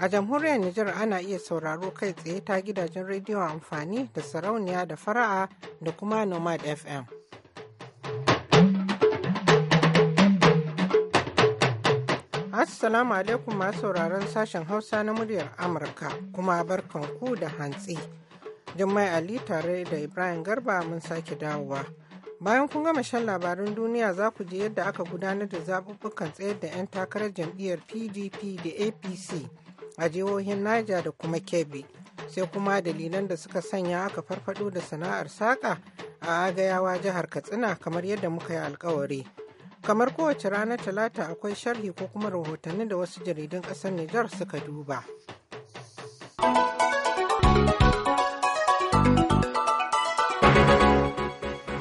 A jamhuriyar Nijar ana iya sauraro kai tsaye ta gidajen rediyo amfani da sarauniya da fara'a da kuma Nomad FM. Assalamu alaikum masu sauraron sashen Hausa na muryar Amurka kuma barkanku da hantsi. Jummai Ali tare da Ibrahim Garba mun sake dawowa. Bayan kun gama shan labarin duniya za ku ji yadda aka gudanar da zabubbukan tsayar da 'yan takarar jam'iyyar PDP da APC. a jihohin Niger da kuma Kebbi. Sai kuma dalilan da suka sanya aka farfado da sana'ar saƙa a agayawa jihar Katsina kamar yadda muka yi alkawari. Kamar kowace ranar Talata akwai sharhi ko kuma rahotanni da wasu jaridun ƙasar Nijar suka duba.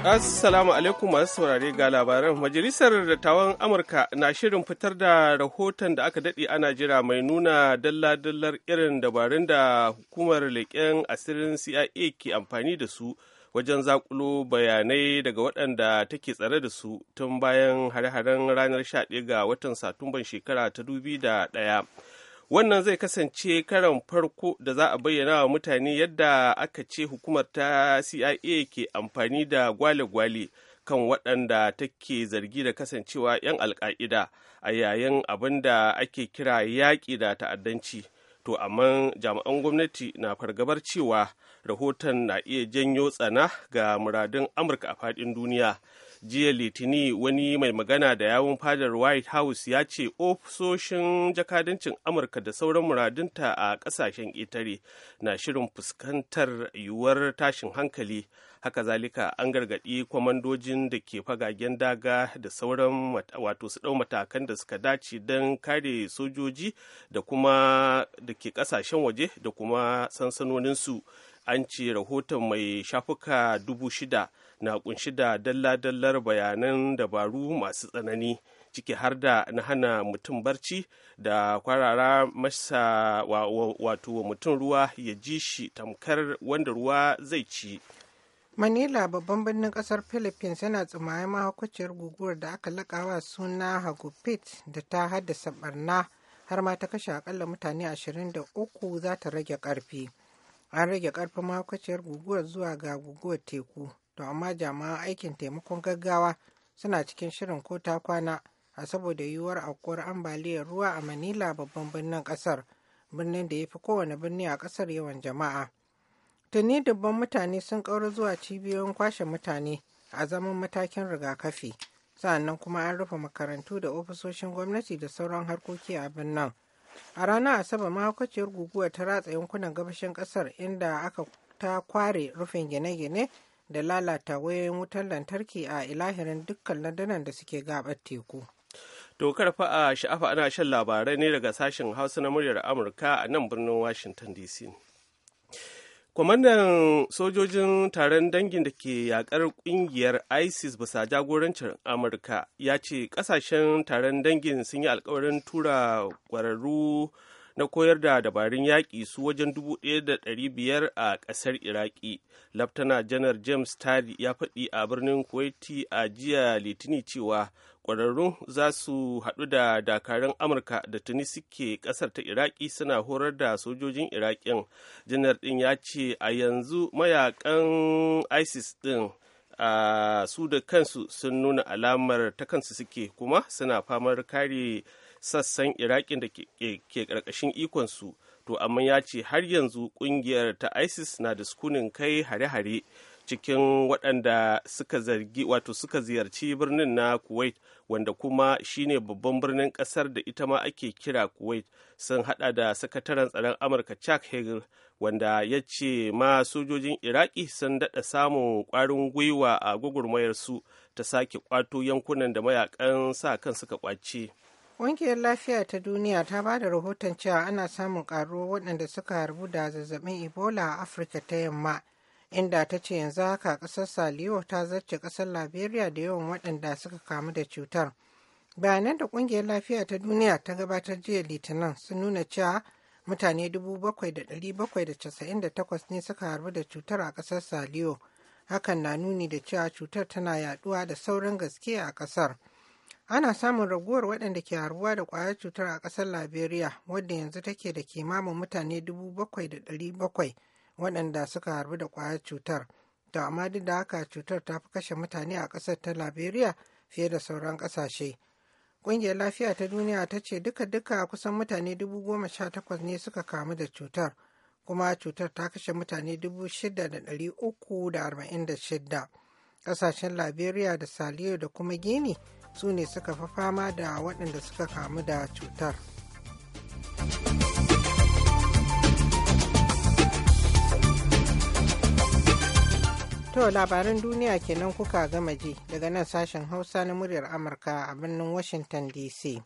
Assalamu alaikum masu saurare ga labaran. Majalisar Dattawan Amurka na shirin fitar da rahoton da aka daɗe ana jira mai nuna dalla-dallar irin dabarun da hukumar leƙen asirin CIA ke amfani da su wajen zakulo bayanai daga waɗanda take tsare da su tun bayan hare-haren ranar 11 ga watan Satumban shekara ta 2001. wannan zai kasance karan farko da za a bayyana wa mutane yadda aka ce hukumar ta cia ke amfani da gwale-gwale kan waɗanda take zargi da kasancewa 'yan alka'ida a yayin abin da ake kira yaƙi da ta'addanci to amma jami'an gwamnati na fargabar cewa rahoton na iya janyo tsana ga muradun amurka a faɗin duniya jiya litini wani mai magana da yawun fadar white house ya ce ofisoshin jakadancin amurka da sauran muradunta a kasashen itare na shirin fuskantar yiwuwar tashin hankali haka zalika an gargaɗi kwamandojin da ke fagagen daga da sauran wato su ɗau matakan da suka dace don kare sojoji da kuma da ke ƙasashen waje da kuma sansanoninsu an ce rahoton mai shafuka dubu shida na kunshi da dalla-dallar bayanan dabaru masu tsanani ciki har da na hana mutum barci da kwarara masa wato mutum ruwa ya ji shi tamkar wanda ruwa zai ci manila babban birnin kasar philippines yana tsumaye mahaukaciyar guguwar da aka lakawa suna hagupit da ta haddasa barna har ma ta kashe akalla mutane 23 za ta rage karfi an rage karfin mahaukaciyar guguwar zuwa ga guguwar teku to amma jama'an aikin taimakon gaggawa suna cikin shirin ko ta kwana a saboda yiwuwar aukuwar ambaliyar ruwa a manila babban birnin kasar birnin da ya fi kowane birni a kasar yawan jama'a tuni dubban mutane sun kauri zuwa cibiyoyin kwashe mutane a zaman matakin rigakafi sa'annan kuma an rufe makarantu da ofisoshin gwamnati da sauran harkoki a birnin a ranar asabar mahaukaciyar guguwa ta ratsa yankunan gabashin kasar inda aka ta kware rufin gine-gine da lalata wayoyin wutar lantarki a ilahirin dukkan landunan da suke gabar teku. To karfa a sha'afa ana shan labarai ne daga sashen Hausa na muryar Amurka a nan birnin Washington DC. Kwamandan sojojin taron dangin da ke yakar kungiyar ISIS bisa jagorancin Amurka ya ce kasashen taron dangin sun yi alkawarin tura kwararru na koyar da dabarun yaƙi su wajen 1,500 a ƙasar iraki laftana janar james tari ya faɗi a birnin kuwaiti a jiya litini cewa ƙwararrun za su haɗu da dakarun amurka da tuni suke ƙasar ta iraki suna horar da sojojin iraƙin janar ɗin ya ce a yanzu mayakan isis ɗin a su da kansu sun nuna alamar ta kansu suke kuma suna famar kare sassan iraƙi da ke ƙarƙashin ikonsu to amma ya ce har yanzu ƙungiyar ta isis na da sukunin kai hare-hare cikin waɗanda suka zargi wato suka ziyarci birnin na kuwait wanda kuma shine babban birnin ƙasar da ita ma ake kira kuwait sun hada da sakataren tsaron amurka chuck hagel wanda ya ce ma sojojin iraki sun daɗa samun ƙwarin gwiwa a gwagwarmayar ta sake ƙwato yankunan da mayakan sa kan suka ƙwace. Ƙungiyar Lafiya ta Duniya ta ba da rahoton cewa ana samun ƙaruwar waɗanda suka harbu da zazzabin Ebola a Afirka ta Yamma, inda ta ce yanzu haka ƙasar Saliyo ta zarce ƙasar Liberia da yawan waɗanda suka kamu da cutar. Bayanan da Ƙungiyar Lafiya ta Duniya ta gabatar jiya Litinin sun nuna cewa mutane bakwai da da da casa'in 7,798 ne suka harbu da cutar a ƙasar Saliyo. Hakan na nuni da cewa cutar tana yaɗuwa da saurin gaske a ƙasar. ana samun raguwar waɗanda ke harbuwa da ƙwayar cutar a ƙasar liberia wadda yanzu take da kimamin mutane 7,700 waɗanda suka harbu da ƙwayar cutar to amma duk da haka cutar ta fi kashe mutane a ƙasar ta liberia fiye da sauran ƙasashe ƙungiyar lafiya ta duniya ta ce duka-duka kusan mutane 18,000 ne suka kamu da cutar kuma cutar ta kashe mutane 6,346 ƙasashen liberia da saliyo da kuma gini su ne suka fi fama da waɗanda suka kamu da cutar. To labaran duniya kenan kuka gama ji daga nan sashen Hausa na muryar Amurka a birnin Washington DC.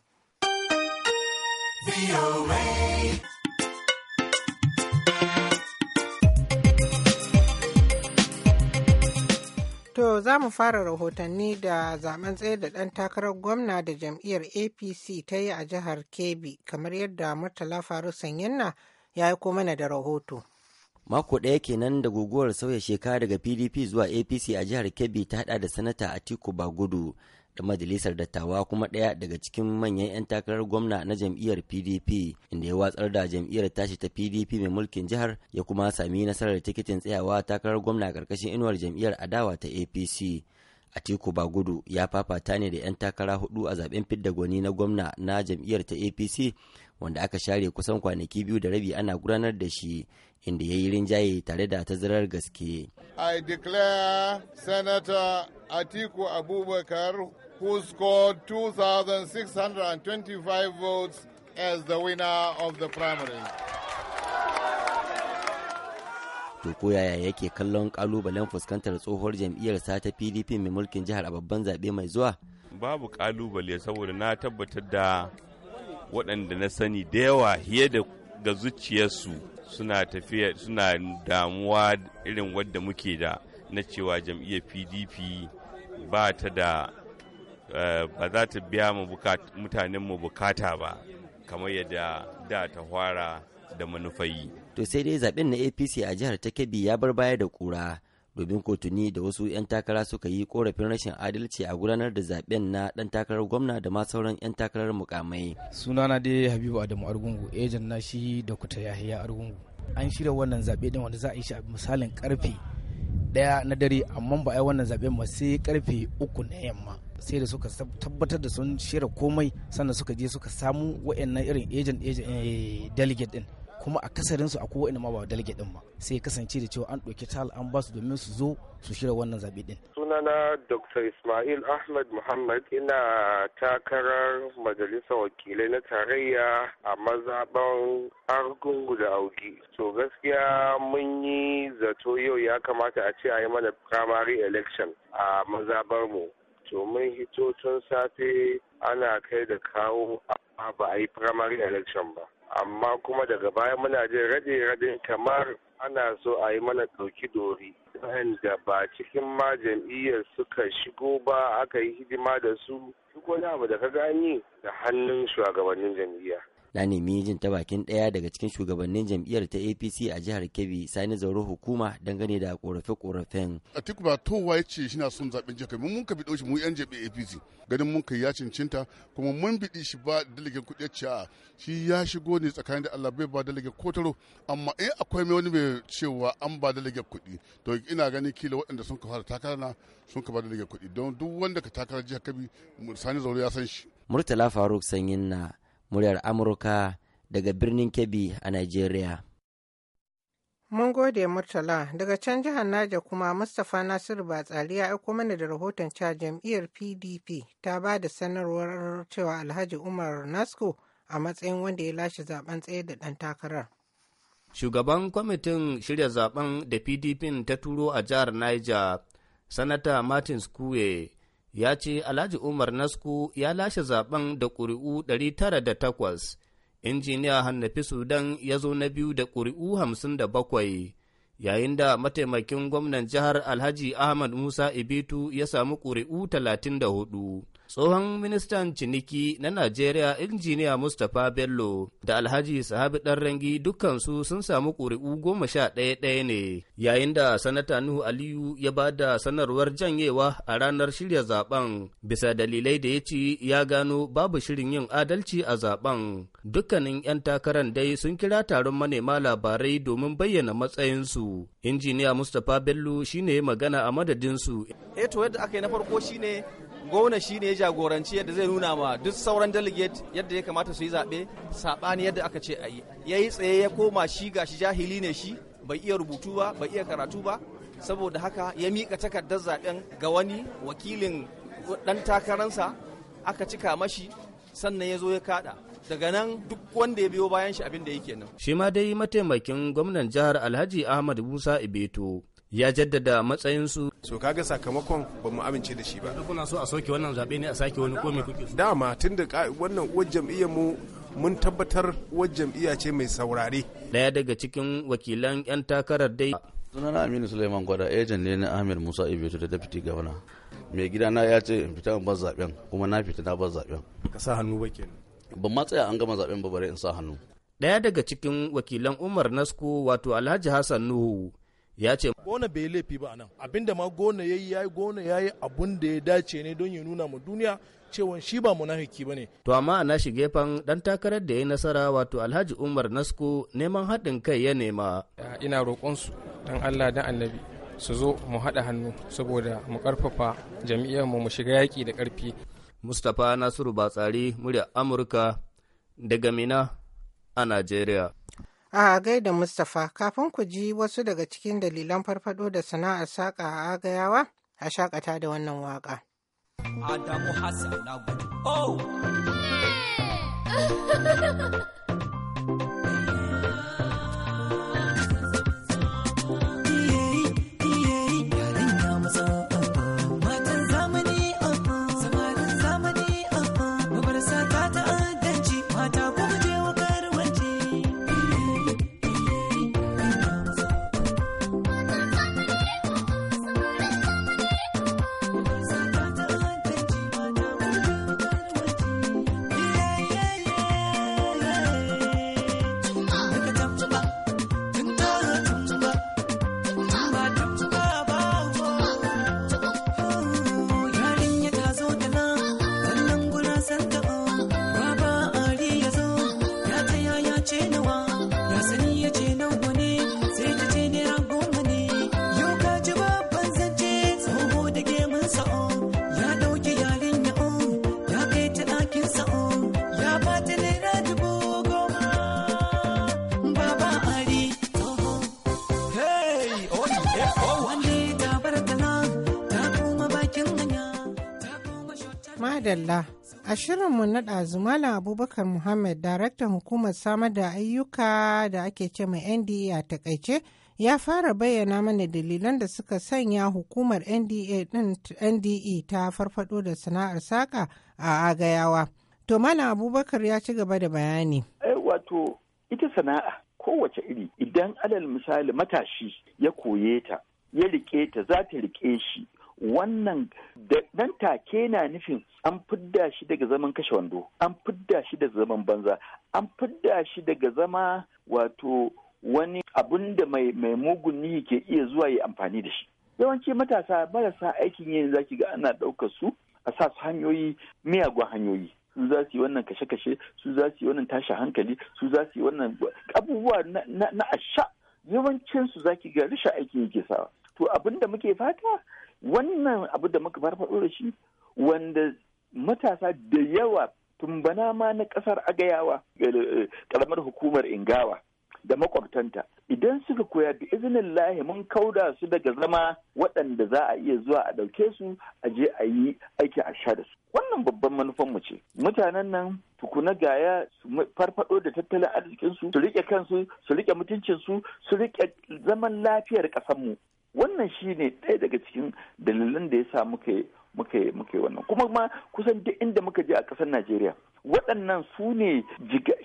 To za mu fara rahotanni da zaben tsaye da ɗan takarar gwamna da jam'iyyar APC ta yi a jihar Kebbi kamar yadda Murtala Faru Sanyanna ya aiko mana da rahoto. Mako ɗaya kenan da guguwar sauya shekara daga PDP zuwa APC a jihar Kebbi ta haɗa da sanata Atiku Bagudu ta majalisar dattawa kuma ɗaya daga cikin manyan 'yan takarar gwamna na jam'iyyar pdp inda ya watsar da jam'iyyar tashi ta pdp mai mulkin jihar ya kuma sami nasarar tikitin tsayawa takarar gwamna karkashin inuwar jam'iyyar adawa ta apc Atiku Bagudu ya fafata ne da 'yan takara hudu a zaben fidda gwani na gwamna na jam'iyyar ta APC wanda aka share kusan kwanaki biyu da rabi ana gudanar da shi inda ya yi rinjaye tare da tazarar gaske. I declare Senator Atiku Abubakar who scored 2,625 votes as the winner of the primary. To ko yaya yake kallon kalubalen fuskantar tsohuwar jam'iyyarsa ta PDP mai mulkin jihar a babban zaɓe mai zuwa? Babu kalubale saboda na tabbatar da waɗanda na sani da yawa fiye da ga zuciyarsu suna tafiya suna damuwa irin wadda muke da na cewa jam'iyyar pdp ba ta da eh, ba za ta biya mutanenmu bukata ba kamar yadda da ta fara da manufai. To sai dai zaben na APC a jihar ta Kebbi ya bar baya da kura domin kotuni da wasu 'yan takara suka yi korafin rashin adalci a gudanar da zaben na dan takarar gwamna da ma sauran 'yan takarar mukamai sunana dai habibu adamu argungu ejan na shi da kuta yahiya argungu an shirya wannan zaɓe din wanda za a yi shi a misalin karfe daya na dare amma ba a wannan zaɓen ba sai karfe uku na yamma sai da suka tabbatar da sun shirya komai sannan suka je suka samu wa'annan irin ejan ejan eh, delegate din kuma a kasarinsu a kowa ma ba dalge din ba sai ya kasance da cewa an ɗauki tal an ba su domin su zo su shirya wannan zaɓe din. sunana dr ismail ahmed muhammad ina takarar majalisar wakilai na tarayya a mazaɓan argungu da auki to gaskiya mun yi zato yau ya kamata a ce a yi mana primary election a mazaɓar mu to mun hito tun safe ana kai da kawo ba a yi primary election ba amma kuma daga baya muna jin rade radin kamar ana so a yi mana ɗauki dori wanda ba cikin ma jam'iyyar suka shigo ba aka yi hidima da su duk wani abu da ka gani da hannun shugabannin jam'iyya na nemi jin ta bakin ɗaya daga cikin shugabannin jam'iyyar ta apc a jihar kebbi sani zauro hukuma dangane da korafe-korafen atiku ba to ya ce na son zaɓen jihar kebbi mun ka bi shi mu yan jam'iyyar apc ganin mun kai ya cincinta kuma mun biɗi shi ba dalilin kuɗi ce shi ya shigo ne tsakanin da allah bai ba dalilin kotaro amma in akwai mai wani mai cewa an ba dalilin kuɗi to ina ganin kila waɗanda sun ka fara takara na sun ka ba dalilin kuɗi don duk wanda ka takarar jihar kebbi sani zauro ya san shi murtala faruk sanyin na muryar Amurka daga birnin Kebbi a Najeriya. Mun gode Murtala daga can jihar Naja kuma Mustapha Nasiru Batsari ya aiko mana da rahoton cewa jam'iyyar PDP ta ba da sanarwar cewa Alhaji Umar Nasko a matsayin wanda ya lashe zaben tsaye da ɗan takarar. Shugaban kwamitin shirya zaben da PDP ta turo a jihar Niger, Sanata Martin Kuwe. ya ce Alhaji Umar Nasku ya lashe zaben da ƙuri'u 908, injiniya Hannafi Sudan ya zo na biyu da ƙuri'u 57, yayin da mataimakin gwamnan jihar Alhaji Ahmad Musa Ibitu ya samu ƙuri'u 34. tsohon ministan ciniki na Najeriya injiniya Mustapha Bello da Alhaji Sahabi Rangi dukkansu sun samu ƙuri'u goma sha ɗaya ɗaya ne yayin da sanata Nuhu Aliyu ya ba da sanarwar janyewa a ranar shirya zaben bisa dalilai da ya ci ya gano babu shirin yin adalci a zaben dukkanin 'yan takarar dai sun kira taron manema labarai domin bayyana matsayinsu injiniya Mustapha Bello shine magana a madadinsu. Eto eh, yadda aka yi na farko shine gwamna shi ne ya jagoranci yadda zai nuna ma duk sauran delegate yadda ya kamata su yi zaɓe saɓani yadda aka ce a yi ya yi tsaye ya koma shi ga shi jahili ne shi bai iya rubutu ba bai iya karatu ba saboda haka ya miƙa takardar zaɓen ga wani wakilin ɗan takararsa aka cika mashi sannan ya zo ya kaɗa daga nan duk wanda ya biyo bayan shi abin da yake nan. shi ma dai mataimakin gwamnan jihar alhaji ahmad musa ibeto ya jaddada matsayinsu. So kaga sakamakon ba mu amince da shi ba. Kuna so a soke wannan zaɓe ne a sake wani ko me kuke so? Dama tun da wannan uwar jam'iyyar mu mun tabbatar uwar jam'iyya ce mai saurare. Daya daga cikin wakilan 'yan takarar dai. sunan Aminu Suleiman Gwada ejen ne na amir Musa ibetu da Deputy Governor. Mai gida na ya ce in fita in bar zaɓen kuma na fita na bar zaɓen. Ka sa hannu ba ke Ban ma tsaya an gama zaɓen ba bare in sa hannu. Daya daga cikin wakilan Umar Nasko wato Alhaji Hassan Nuhu ya ce gona bai laifi ba anan abinda ma gona yayi yayi gona yayi abun da ya dace ne don ya nuna ma duniya cewa shi ba ba ne. to amma a nashi gefen dan takarar da ya nasara wato Alhaji Umar Nasko neman haɗin kai ya nema ina roƙon su dan Allah dan Annabi su zo mu haɗa hannu saboda mu ƙarfafa jami'ar mu mu shiga yaƙi da ƙarfi Mustapha Nasiru Batsari murya Amurka daga Mina a Najeriya A gaida Mustapha kafin ku ji wasu daga cikin dalilan farfado da sana'ar saƙa a agayawa a shakata da wannan waƙa. Adamu Hassan Oh! madalla a shirinmu na ɗazu malam abubakar muhammad daraktan hukumar samar da ayyuka da ake ce mai nda a takaice ya fara bayyana mana dalilan da suka sanya hukumar nde ta e farfado da sana'ar saƙa a agayawa to malam abubakar ya ci gaba da bayani eh, wato ita sana'a kowace iri idan alal misali matashi ya koye ta ya riƙe ta za ta rike shi wannan nan take na nufin an fidda shi daga zaman kashe wando an fidda shi daga zaman banza an fidda shi daga zama wato wani abun da mai mugun nihi ke iya zuwa yi amfani da shi yawanci matasa marasa aikin yin zaki ga ana ɗaukar su a sa su hanyoyi miyagun hanyoyi su za su yi wannan kashe-kashe su za su yi wannan tashi hankali su za su yi wannan abubuwa na asha yawancin su zaki ga rashin aikin yake sawa to abin da muke fata wannan abu da muka farfaɗo da shi wanda matasa da yawa tumbana ma na ƙasar agayawa eh, eh, ƙaramar hukumar ingawa da makwabtanta idan suka koya da izinin lahi mun kauda su daga zama waɗanda za a iya zuwa a ɗauke su a je a yi aiki a sha da su wannan babban manufanmu ce mutanen nan tukuna gaya su farfado da tattalin arzikinsu su riƙe kansu su riƙe mutuncinsu su riƙe zaman lafiyar ƙasanmu wannan shi ne ɗaya daga cikin dalilan da ya sa muke wannan kuma ma kusan duk inda muka je a ƙasar Najeriya waɗannan su ne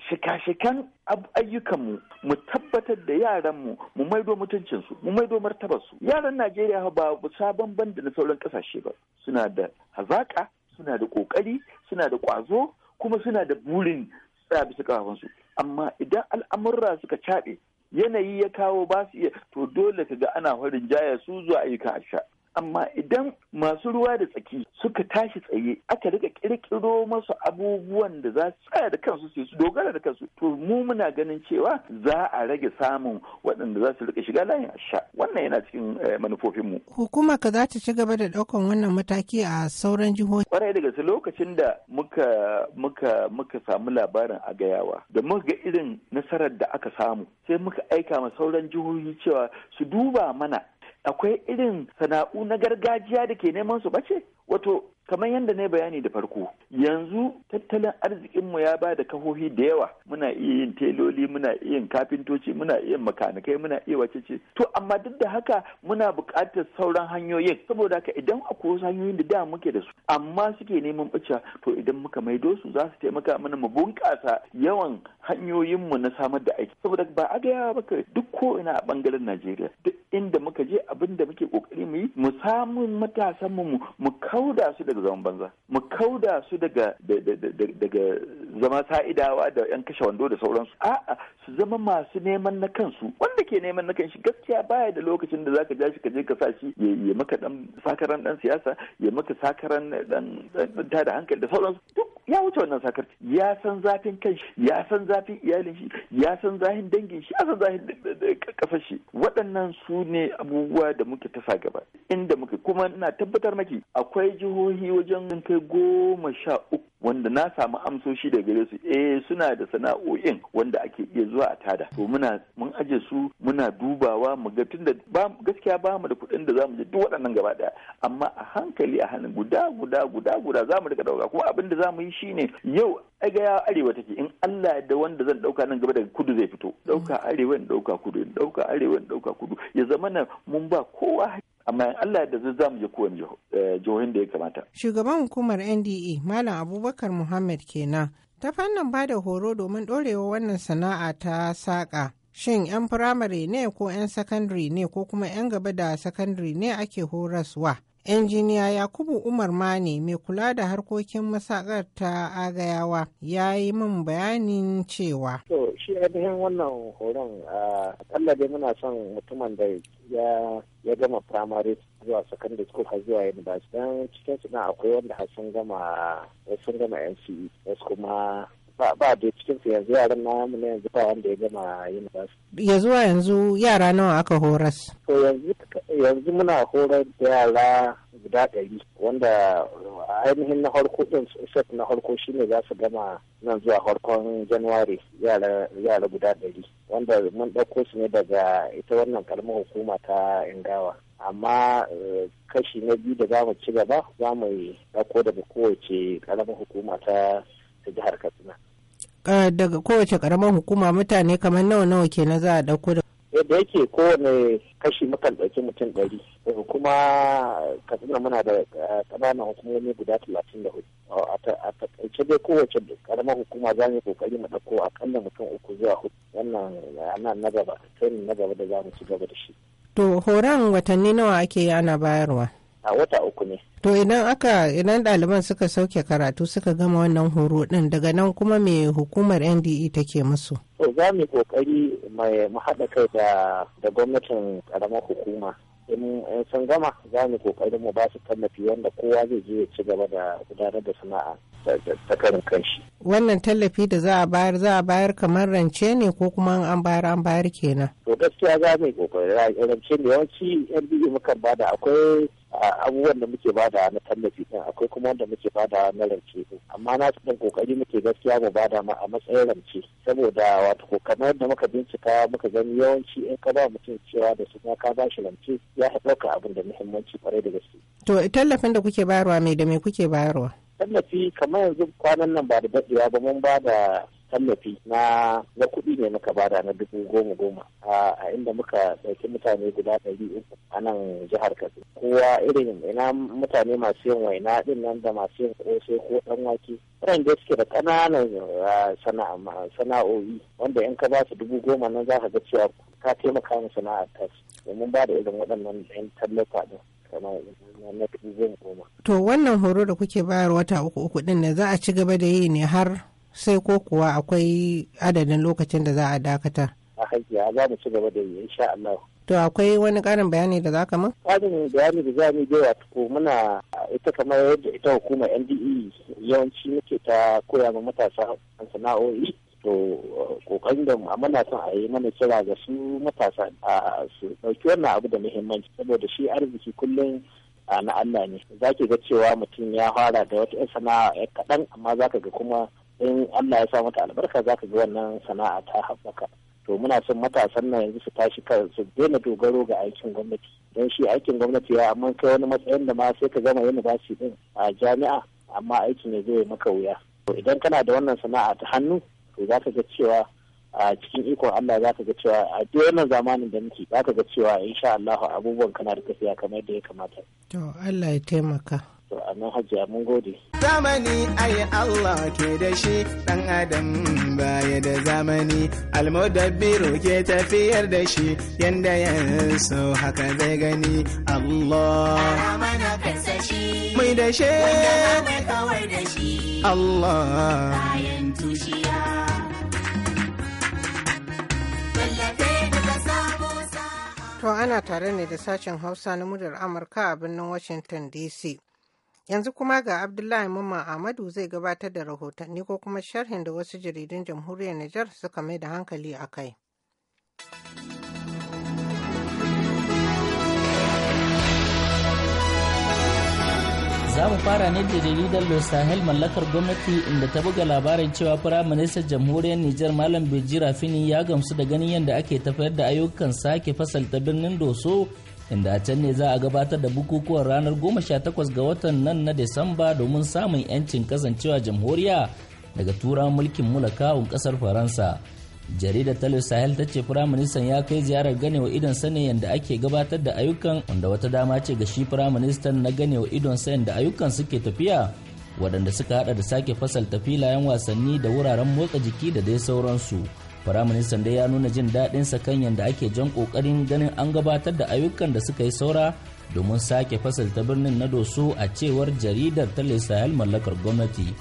shika-shikan ayyukanmu mu tabbatar da yaranmu mu maido mutuncinsu mu maido martabarsu yaran Najeriya ba sabon ban da na sauran ƙasashe ba suna da hazaƙa suna da ƙoƙari suna da ƙwazo kuma suna da burin tsaya bisa ƙafafunsu amma idan al'amurra suka caɓe yanayi ya kawo ba su iya to dole ka ga ana farin jaya su zuwa ayyukan asha amma idan masu ruwa da tsaki suka tashi tsaye aka rika kirkiro masu abubuwan da za su tsaya da kansu su su dogara da kansu to mu muna ganin cewa za a rage samun waɗanda za su rika shiga layin sha wannan yana cikin eh, manufofin mu hukuma ka za ta ci gaba da ɗaukan wannan mataki a sauran jihohi kwarai daga su, lokacin da muka muka muka samu labarin a gayawa da muka ga irin nasarar da aka samu sai muka aika ma sauran jihohi cewa su duba mana akwai irin sana'u na gargajiya da ke neman su bace wato kamar yadda na bayani da farko yanzu tattalin arzikinmu ya ba da kahohi da yawa muna iya yin teloli muna iya yin kafintoci muna iya makanikai muna iya wacece to amma duk da haka muna buƙatar sauran hanyoyin saboda haka idan akwai wasu hanyoyin da da muke da su amma suke neman ɓacewa to idan muka maido su za su taimaka mana mu bunƙasa yawan hanyoyinmu na samar da aiki saboda ba a yawa ba duk ko ina a bangaren najeriya duk inda muka je abin da muke ƙoƙari mu yi mu samu matasanmu mu kauda su daga zaman banza mu kauda su daga daga zama sa'idawa da yan kashe wando da sauransu a'a su zama masu neman na kansu wanda ke neman na kanshi gaskiya baya da lokacin da zaka ja shi ka je ka sa shi ya maka dan sakaran dan siyasa ya maka sakaran dan da hankali da sauransu duk ya wuce wannan sakar ya san zafin kanshi ya san zafin iyalin shi ya san zahin dangin shi ya san zahin kasar shi waɗannan su ne abubuwa da muke tasa gaba inda muke kuma ina tabbatar maki akwai akwai jihohi wajen kai goma sha uku wanda na samu amsoshi da gare su eh suna da sana'o'in wanda ake iya zuwa a tada to muna mun aje su muna dubawa mu ga tunda ba gaskiya ba mu da kuɗin da zamu je duk waɗannan gaba daya amma a hankali a hannun guda guda guda guda zamu rika dauka kuma abin da zamu yi shine yau ai ga arewa take in Allah da wanda zan dauka nan gaba daga kudu zai fito dauka arewa in dauka kudu dauka arewa dauka kudu ya zama mun ba kowa amma Allah da zai zamu je kowane eh, jihohin da ya kamata. Shugaban hukumar NDA e, Malam Abubakar Muhammad kenan ta fannin ba da horo domin ɗorewa wannan sana'a ta saƙa. Shin 'yan firamare ne ko 'yan sakandare ne ko kuma 'yan gaba da sakandare ne ake horaswa? Injiniya Yakubu Umar Mane mai kula da harkokin masakar ta agayawa ya yi min bayanin cewa. To shi ainihin wannan horon a dai muna son mutumin da ya gama primary zuwa secondary school har zuwa university don cikin akwai wanda sun gama sun gama NCE wasu kuma ba ba da cikin su yanzu yaran na mu ne yanzu ba wanda ya gama university ya zuwa yanzu yara nawa aka horas to yanzu muna horar da yara guda ɗari wanda ainihin na harko ɗin set na harko shine za su gama nan zuwa harkon januwari yara guda ɗari wanda mun ɗauko su ne daga ita wannan karamar hukuma ta ingawa amma eh, kashi na biyu da za mu ci gaba za mu ɗauko daga kowace karamar hukuma ta ta jihar katsina daga kowace karamar hukuma mutane kamar nawa nawa na za a dauko da yadda yake kowane kashi mukan ɗauki mutum ɗari kuma katsina muna da eh, ƙananan hukumomi guda talatin da hudu a takaice dai kowace ƙaramar hukuma za mu kokari mu ɗauko akalla mutum uku zuwa hudu wannan eh, ana na gaba na gaba da za mu ci gaba da shi to horon watanni nawa ake yi ana bayarwa a wata uku ne. To idan aka idan ɗaliban suka sauke karatu suka gama wannan horo ɗin daga nan kuma mai hukumar NDE take musu? To za mu kokari mu haɗa kai da gwamnatin ƙaramar hukuma. In sun gama za mu kokari mu ba su tallafi wanda kowa zai je ya ci gaba da gudanar da sana'a ta karin kanshi. Wannan tallafi da za a bayar za a bayar kamar rance ne ko kuma an bayar an bayar kenan. To gaskiya za mu kokari rance ne yawanci biyu e mukan bada akwai abubuwan da muke bada na tallafi din akwai kuma wanda muke bada na rance din amma na dan kokari muke gaskiya mu bada ma a matsayin rance saboda wato ko kamar yadda muka bincika muka gani yawanci in ka ba mutum cewa da su ka ba shi rance ya fi ɗauka abin da muhimmanci kwarai da gaske. to tallafin da kuke bayarwa mai da mai kuke bayarwa. tallafi kamar yanzu kwanan nan ba da daɗewa ba mun ba da tallafi na na kuɗi ne muka bada na dubu goma goma a inda muka ɗauki mutane guda ɗari uku a nan jihar katsina kowa irin ina mutane masu yin waina din nan da masu yin ƙosai ko dan wake waɗanda suke da ƙananan ah, sana'o'i wanda in ka ba su dubu goma nan za ka ga cewa ka taimaka mu sana'ar ta domin ba da irin waɗannan yan tallafa din kamar na dubu goma. to wannan horo da kuke bayar wata uku uku din da za a ci gaba da yi ne har sai ko kuwa akwai adadin lokacin da za a dakata? a hajiya za mu ci gaba da yi insha Allah. To akwai wani karin bayani da za ka min? bayani da za mu je wa ko muna ita kamar yadda ita hukumar NDE yawanci muke ta koya ma matasa sana'o'i. To kokarin da muna son a yi mana kira ga su matasa a su ɗauki wannan abu da muhimmanci saboda shi arziki kullum na Allah ne. Za ki ga cewa mutum ya fara da wata 'yan sana'a ya kaɗan amma za ka ga kuma in Allah ya sa mata albarka za ka ga wannan sana'a ta haɓaka. to muna son matasan nan yanzu su tashi kan su daina dogaro ga aikin gwamnati don shi aikin gwamnati ya amma kai wani matsayin da ma sai ka gama university din a jami'a amma aikin ne zai maka wuya to idan kana da wannan sana'a ta hannu to za ka ga cewa a cikin ikon Allah za ka ga cewa a duk wannan zamanin da muke za ka ga cewa insha Allah abubuwan kana da tafiya kamar yadda ya kamata to Allah ya taimaka to amin hajiya mun gode. Zamani ai Allah ke da shi ɗan adam baya da zamani almudabbiru ke tafiyar da shi yanda ya so haka zai gani Allah. mana kansa shi. Mai da shi. Wanda mai kawar da shi. Allah. Bayan tushiya. To ana tare ne da sashen Hausa na mudar Amurka a birnin Washington DC. Yanzu kuma ga Abdullahi Mamman Ahmadu zai gabatar da rahotanni ko kuma sharhin da wasu jaridun jamhuriyar niger suka mai da hankali a kai. za mu fara ne da jaridar Los mallakar gwamnati inda ta buga labarin cewa firaministan jamhuriyar Nijar Malam Beji Rafini ya gamsu da ganin yadda ake tafayar da ayyukan sake fasalta birnin Doso inda a can ne za a gabatar da bukukuwan ranar 18 ga watan nan na Disamba domin samun 'yancin kasancewa jamhuriya daga turan mulkin mulakawun kasar Faransa. Jaridar Talo Sahel ta ce firaministan ya kai ziyarar ganewa idon sane yadda ake gabatar da ayyukan wanda wata dama ce ga shi firaministan na ganewa idon sani da ayyukan suke tafiya waɗanda suka hada da sake fasalta filayen wasanni da wuraren motsa jiki da dai sauransu. firaministan dai ya nuna jin daɗinsa kan yadda ake jan ƙoƙarin ganin an gabatar da ayyukan da suka yi saura domin sake ta birnin na doso a cewar jaridar ta sahel mallakar gwamnati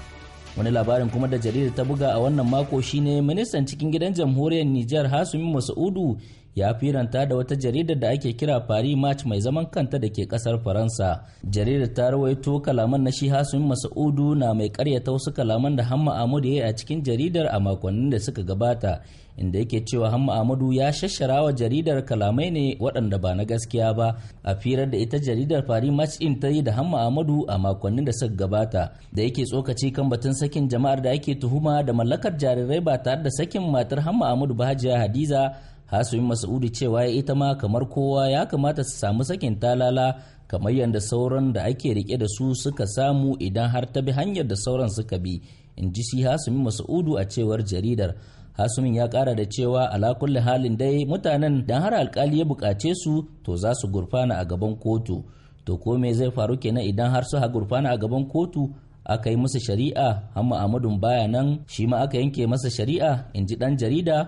wani labarin kuma da jaridar ta buga a wannan mako shine ministan cikin gidan jamhuriyar nijar hasumi masaudu ya firanta da wata jaridar da ake kira Paris march mai zaman kanta da ke kasar Faransa. Jaridar ta rawaito kalaman na shi Hasumi Masaudu na mai karyata wasu kalaman da Hamma Amadu ya yi a cikin jaridar a makonnin da suka gabata, inda yake cewa Hamma amadu ya shashara wa jaridar kalamai ne waɗanda ba na gaskiya ba a firar da ita jaridar Paris march din ta yi da Hamma Amadu a makonnin da suka gabata, da yake tsokaci kan batun sakin jama'ar da ake tuhuma da mallakar jarirai ba tare da sakin matar Hamma Amadu ba Hadiza hasumin masa'udu cewa ya ita ma kamar kowa ya kamata su samu sakin talala kamar yadda sauran da ake rike da su suka samu idan har ta bi hanyar da sauran suka bi in ji shi hasumin masa'udu a cewar jaridar hasumin ya kara da cewa alakulli halin dai mutanen dan har alkali ya bukace su to za su gurfana a gaban kotu to ko me zai faru kenan idan har su ha gurfana a gaban kotu aka yi musu shari'a hamma amadun baya nan shi ma aka yanke masa shari'a in ji dan jarida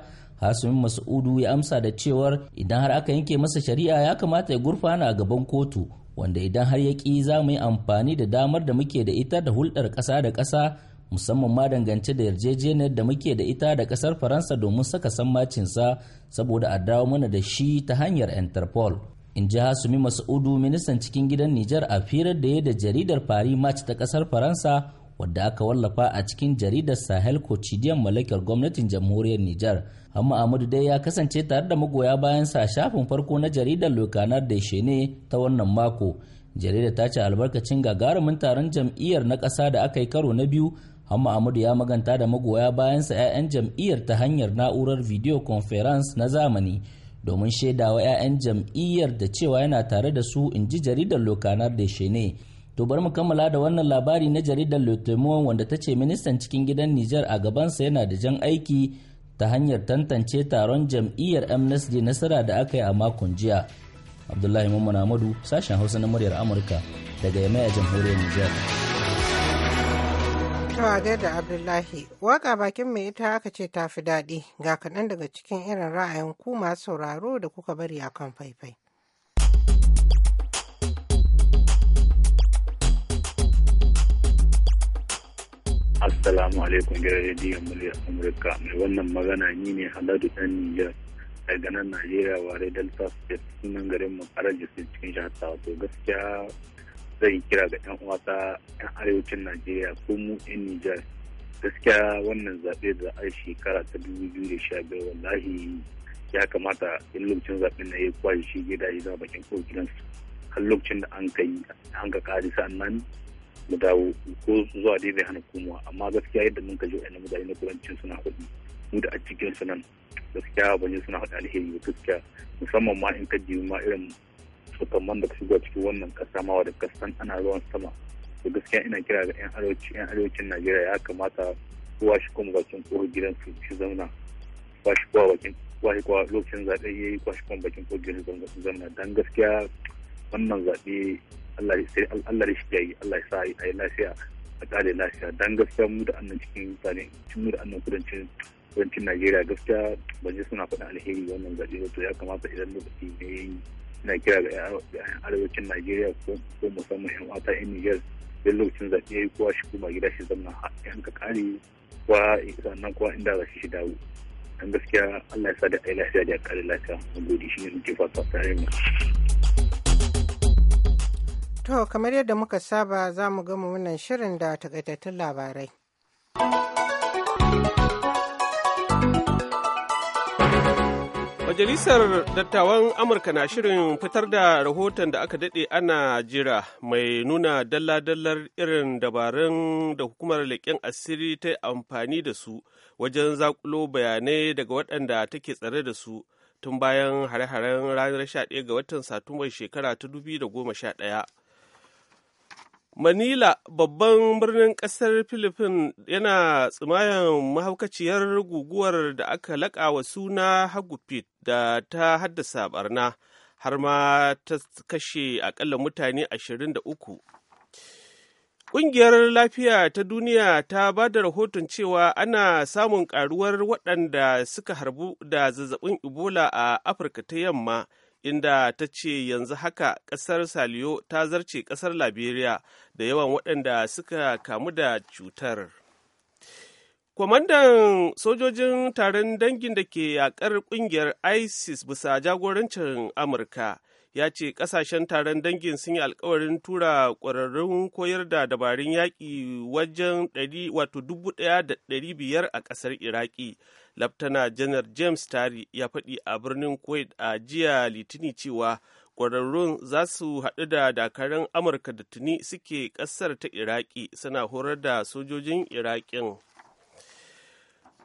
hasumin masudu ya amsa da cewar idan har aka yanke masa shari'a ya kamata ya gurfana a gaban kotu wanda idan har ya ƙi za mu yi amfani da damar da muke da ita da hulɗar ƙasa da ƙasa musamman ma dangance da yarjejeniyar da muke da ita da ƙasar faransa domin saka sammacinsa saboda a dawo mana da shi ta hanyar interpol in ji hasumi masudu ministan cikin gidan nijar a firar da ya da jaridar paris match ta ƙasar faransa wadda aka wallafa a cikin jaridar sahel codiyar malakiyar gwamnatin jamhuriyar nijar amma amadu dai ya kasance tare da magoya bayansa a shafin farko na jaridar lokanar da shene ta wannan mako jaridar ta ce albarkacin gagarumin taron jam'iyyar na ƙasa da aka yi karo na biyu Hamma Amadu ya maganta da magoya bayansa 'ya'yan jam'iyyar ta hanyar na'urar video conference na zamani domin shaidawa 'ya'yan jam'iyyar da cewa yana tare da su in ji jaridar Lokanar da Shene. To bari mu kammala da wannan labari na jaridar Le wanda ta ce ministan cikin gidan Nijar a gabansa yana da jan aiki ta hanyar tantance taron jam'iyyar Amnesty Nasara da aka yi a makon jiya. Abdullahi Mamman Amadu sashen Hausa na muryar Amurka daga Yamai a jamhuriyar Nijar. Tawa da Abdullahi, waka bakin mai ita aka ce ta fi daɗi ga kaɗan daga cikin irin ra'ayin ku masu sauraro da kuka bari a kan faifai. Assalamu alaikum gidan rediyon muryar Amurka mai wannan magana ni ne Haladu ɗan Nijar daga nan Najeriya ware Delta State sunan garin Makaraji su cikin Shahata wato gaskiya zai kira ga 'yan uwata 'yan arewacin Najeriya ko mu ƴan Nijar gaskiya wannan zaɓe da a shekara ta dubu biyu da sha biyar wallahi ya kamata in lokacin zaɓen na ya kwashe shi gida ya zama bakin ko gidansu har lokacin da an kai an ka kare sa'an nan mu dawo ko zuwa dai hana komowa amma gaskiya yadda mun ka ji wa'annan mutane na kudancin suna hudu mu da a cikin su nan gaskiya ban yi suna hudu alheri ba gaskiya musamman ma in ka ji ma irin tsokamman da ka shiga cikin wannan kasa ma da kasan ana ruwan sama to gaskiya ina kira ga yan arewacin yan arewacin Najeriya ya kamata kowa shi kuma bakin kofar gidansu shi zauna kowa shi kowa bakin shi kowa lokacin zaɓe ya yi shi kuma bakin kogin zauna don gaskiya wannan zaɓe Allah ya shi Allah ya sa a yi lafiya a kare lafiya dan gaskiya mu da annan cikin mutane mu da annan kudancin kudancin Najeriya gaskiya ban ji suna faɗa alheri wannan zaɓe ba to ya kamata idan lokaci ne ya yi ina kira ga 'yan arewacin Najeriya ko musamman 'yan wata 'yan Nijar don lokacin zaɓe ya yi kowa shi kuma gida shi zama yan ka kare kowa sannan kowa inda za shi dawo dan gaskiya Allah ya sa da ai lafiya da kare lafiya mun gode shi ne muke fata tare mu To, kamar yadda muka saba za mu gama wannan shirin da takaitattun labarai. Majalisar Dattawan Amurka na shirin fitar da rahoton da aka daɗe ana jira mai nuna dalla-dallar irin dabarun da hukumar leƙen asiri ta amfani da su wajen zaƙulo bayanai daga waɗanda take tsare da su tun bayan hare-haren ranar 11 ga watan Satumbar shekara ta 2011. Manila babban birnin ƙasar Filifin yana tsimayen mahaukaciyar guguwar da aka laƙa wa suna Hagupit da ta haddasa barna har ma ta kashe akalla mutane 23. Ƙungiyar lafiya ta duniya ta ba da rahoton cewa ana samun ƙaruwar waɗanda suka harbu da zazzabin Ebola a Afirka ta yamma. inda ta ce yanzu haka ƙasar saliyo ta zarce ƙasar liberia da yawan waɗanda suka kamu da cutar kwamandan sojojin taron dangin da ke yakar ƙungiyar isis bisa jagorancin amurka ya ce ƙasashen taron dangin sun yi alkawarin tura ƙwararrun koyar da dabarun yaƙi wajen 1,500 a ƙasar iraki laftana janar james tari ya faɗi a birnin kuwait a jiya litini cewa kwararrun za su haɗu da dakarun amurka da tuni suke ƙasar ta iraki suna horar da sojojin iraƙin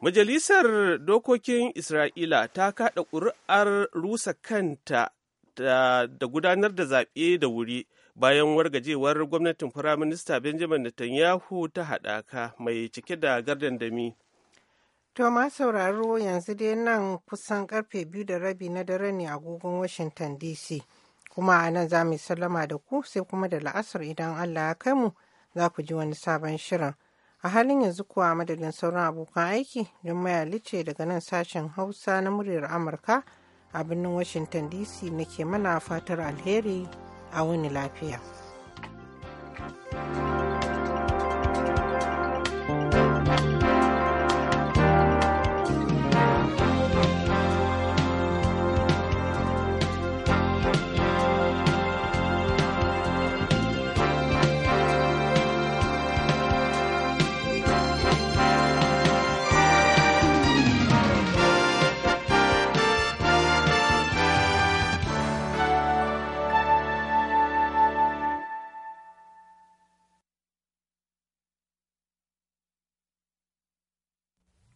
majalisar dokokin isra'ila ta kaɗa ƙuri'ar rusa kanta da gudanar da zaɓe da wuri bayan wargajewar gwamnatin firaminista benjamin netanyahu ta haɗaka mai cike da gardandami dami To ma sauraro yanzu dai nan kusan karfe biyu da rabi na dare ne a agogon Washington DC. Kuma a nan za mu sallama da ku sai kuma da la'asar idan Allah ya kai mu za ku ji wani sabon shirin. A halin yanzu kuwa madadin sauran abokan aiki don lice daga nan sashen Hausa na muryar Amurka a birnin Washington DC nake mana fatar alheri a wani lafiya. thank you